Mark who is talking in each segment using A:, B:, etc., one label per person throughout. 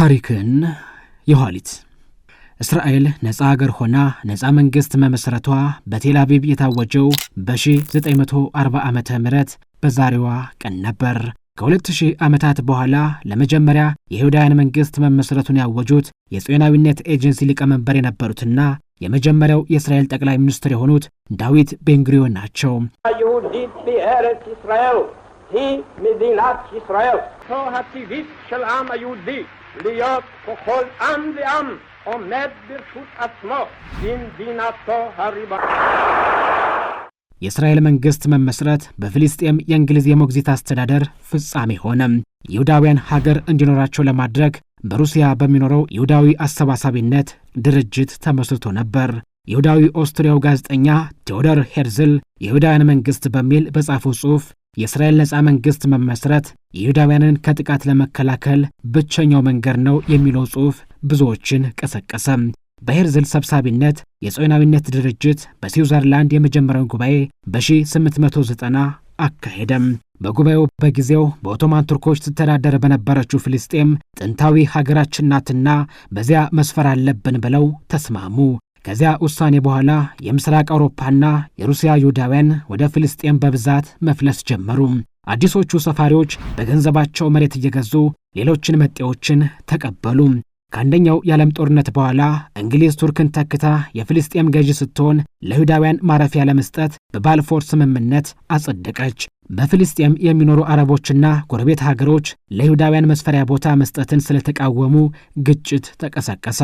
A: ታሪክን የኋሊት እስራኤል ነፃ አገር ሆና ነፃ መንግሥት መመስረቷ በቴላቪቭ የታወጀው በ1940 ዓ ም በዛሬዋ ቀን ነበር። ከ2000 ዓመታት በኋላ ለመጀመሪያ የይሁዳውያን መንግሥት መመስረቱን ያወጁት የጽዮናዊነት ኤጀንሲ ሊቀመንበር የነበሩትና የመጀመሪያው የእስራኤል ጠቅላይ ሚኒስትር የሆኑት ዳዊት ቤንግሪዮን ናቸው።
B: ይሁዲ እስራኤል ሸልአም አይሁዲ להיות ככל עם ועם עומד ברשות עצמו במדינתו הריבונית
A: የእስራኤል መንግስት መመስረት በፍልስጤም የእንግሊዝ የሞግዚት አስተዳደር ፍጻሜ ሆነ። ይሁዳውያን ሀገር እንዲኖራቸው ለማድረግ በሩሲያ በሚኖረው ይሁዳዊ አሰባሳቢነት ድርጅት ተመስርቶ ነበር። ይሁዳዊ ኦስትሪያው ጋዜጠኛ ቴዎደር ሄርዝል የይሁዳውያን መንግስት በሚል በጻፈው ጽሑፍ የእስራኤል ነፃ መንግስት መመስረት የይሁዳውያንን ከጥቃት ለመከላከል ብቸኛው መንገድ ነው የሚለው ጽሑፍ ብዙዎችን ቀሰቀሰ። በሄርዝል ሰብሳቢነት የጽዮናዊነት ድርጅት በስዊዘርላንድ የመጀመሪያውን ጉባኤ በ1890 አካሄደም። በጉባኤው በጊዜው በኦቶማን ቱርኮች ትተዳደር በነበረችው ፍልስጤም ጥንታዊ ሀገራችን ናትና በዚያ መስፈር አለብን ብለው ተስማሙ። ከዚያ ውሳኔ በኋላ የምስራቅ አውሮፓና የሩሲያ ይሁዳውያን ወደ ፍልስጤም በብዛት መፍለስ ጀመሩ። አዲሶቹ ሰፋሪዎች በገንዘባቸው መሬት እየገዙ ሌሎችን መጤዎችን ተቀበሉ። ከአንደኛው የዓለም ጦርነት በኋላ እንግሊዝ ቱርክን ተክታ የፍልስጤም ገዢ ስትሆን ለይሁዳውያን ማረፊያ ለመስጠት በባልፎር ስምምነት አጸደቀች። በፍልስጤም የሚኖሩ አረቦችና ጎረቤት ሀገሮች ለይሁዳውያን መስፈሪያ ቦታ መስጠትን ስለተቃወሙ ግጭት ተቀሳቀሰ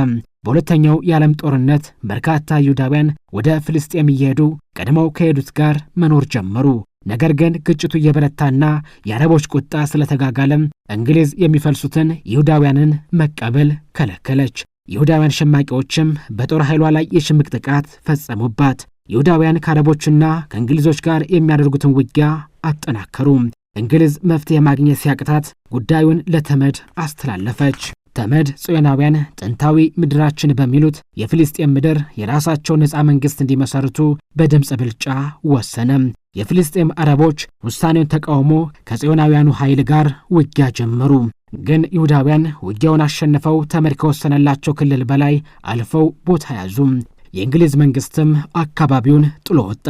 A: በሁለተኛው የዓለም ጦርነት በርካታ ይሁዳውያን ወደ ፍልስጤም እየሄዱ ቀድመው ከሄዱት ጋር መኖር ጀመሩ። ነገር ግን ግጭቱ እየበረታና የአረቦች ቁጣ ስለተጋጋለም እንግሊዝ የሚፈልሱትን ይሁዳውያንን መቀበል ከለከለች። ይሁዳውያን ሸማቂዎችም በጦር ኃይሏ ላይ የሽምቅ ጥቃት ፈጸሙባት። ይሁዳውያን ከአረቦችና ከእንግሊዞች ጋር የሚያደርጉትን ውጊያ አጠናከሩ። እንግሊዝ መፍትሄ ማግኘት ሲያቅታት ጉዳዩን ለተመድ አስተላለፈች። ተመድ ጽዮናውያን ጥንታዊ ምድራችን በሚሉት የፍልስጤም ምድር የራሳቸውን ነፃ መንግሥት እንዲመሰርቱ በድምፅ ብልጫ ወሰነ። የፍልስጤም አረቦች ውሳኔውን ተቃውሞ ከጽዮናውያኑ ኃይል ጋር ውጊያ ጀመሩ። ግን ይሁዳውያን ውጊያውን አሸንፈው ተመድ ከወሰነላቸው ክልል በላይ አልፈው ቦታ ያዙ። የእንግሊዝ መንግስትም አካባቢውን ጥሎ ወጣ።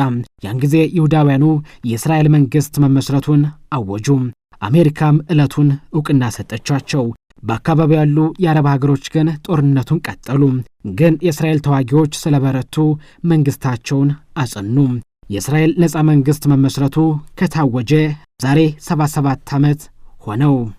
A: ያን ጊዜ ይሁዳውያኑ የእስራኤል መንግስት መመስረቱን አወጁ። አሜሪካም ዕለቱን ዕውቅና ሰጠቻቸው። በአካባቢው ያሉ የአረብ ሀገሮች ግን ጦርነቱን ቀጠሉ። ግን የእስራኤል ተዋጊዎች ስለበረቱ መንግስታቸውን አጸኑ። የእስራኤል ነፃ መንግስት መመስረቱ ከታወጀ ዛሬ 77 ዓመት ሆነው።